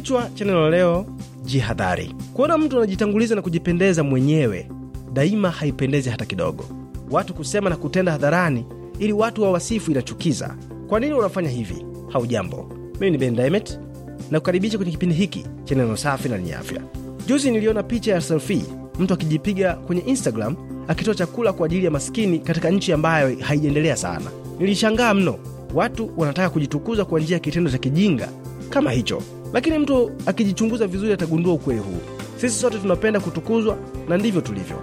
Kichwa cha neno leo, jihadhari. Kuona mtu anajitanguliza na kujipendeza mwenyewe daima haipendezi hata kidogo. Watu kusema na kutenda hadharani ili watu wawasifu inachukiza. Kwa nini unafanya hivi? Haujambo, mimi ni Ben Dimet na kukaribisha kwenye kipindi hiki cha neno safi na lenye afya. Juzi niliona picha ya selfie mtu akijipiga kwenye Instagram akitoa chakula kwa ajili ya masikini katika nchi ambayo haijaendelea sana. Nilishangaa mno, watu wanataka kujitukuza kwa njia ya kitendo cha kijinga kama hicho. Lakini mtu akijichunguza vizuri atagundua ukweli huu. Sisi sote tunapenda kutukuzwa na ndivyo tulivyo.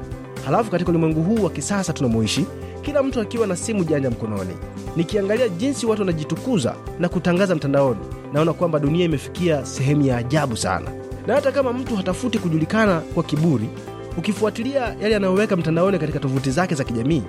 Halafu katika ulimwengu huu wa kisasa tunamoishi, kila mtu akiwa na simu janja mkononi, nikiangalia jinsi watu wanajitukuza na kutangaza mtandaoni, naona kwamba dunia imefikia sehemu ya ajabu sana. Na hata kama mtu hatafuti kujulikana kwa kiburi, ukifuatilia yale yanayoweka mtandaoni katika tovuti zake za kijamii,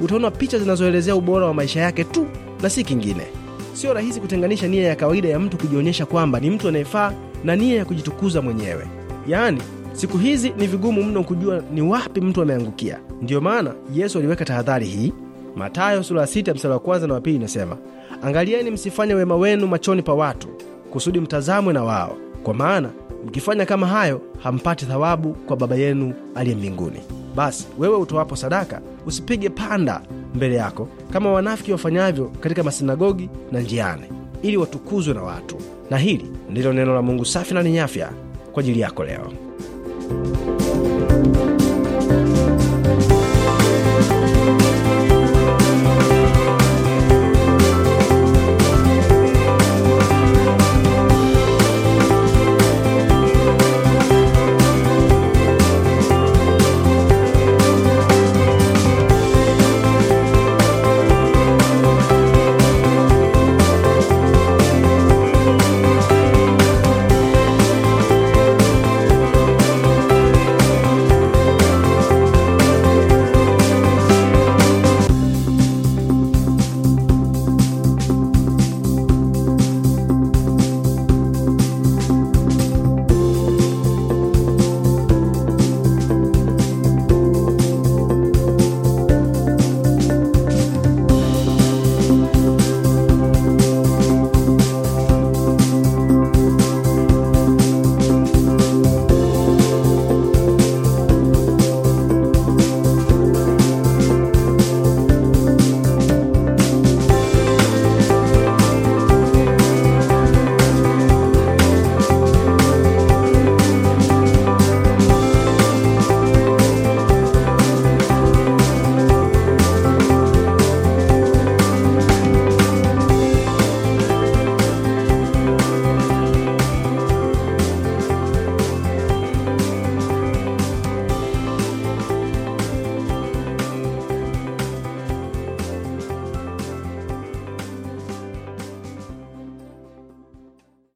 utaona picha zinazoelezea ubora wa maisha yake tu na si kingine. Sio rahisi kutenganisha nia ya kawaida ya mtu kujionyesha kwamba ni mtu anayefaa na nia ya kujitukuza mwenyewe. Yaani, siku hizi ni vigumu mno kujua ni wapi mtu ameangukia. Ndiyo maana Yesu aliweka tahadhari hii. Mathayo sura ya sita mstari wa kwanza na wa pili inasema, angalieni msifanye wema wenu machoni pa watu, kusudi mtazamwe na wao, kwa maana mkifanya kama hayo hampati thawabu kwa Baba yenu aliye mbinguni. Basi wewe utoapo sadaka usipige panda mbele yako kama wanafiki wafanyavyo katika masinagogi na njiani, ili watukuzwe na watu. Na hili ndilo neno la Mungu safi na lenye afya kwa ajili yako leo.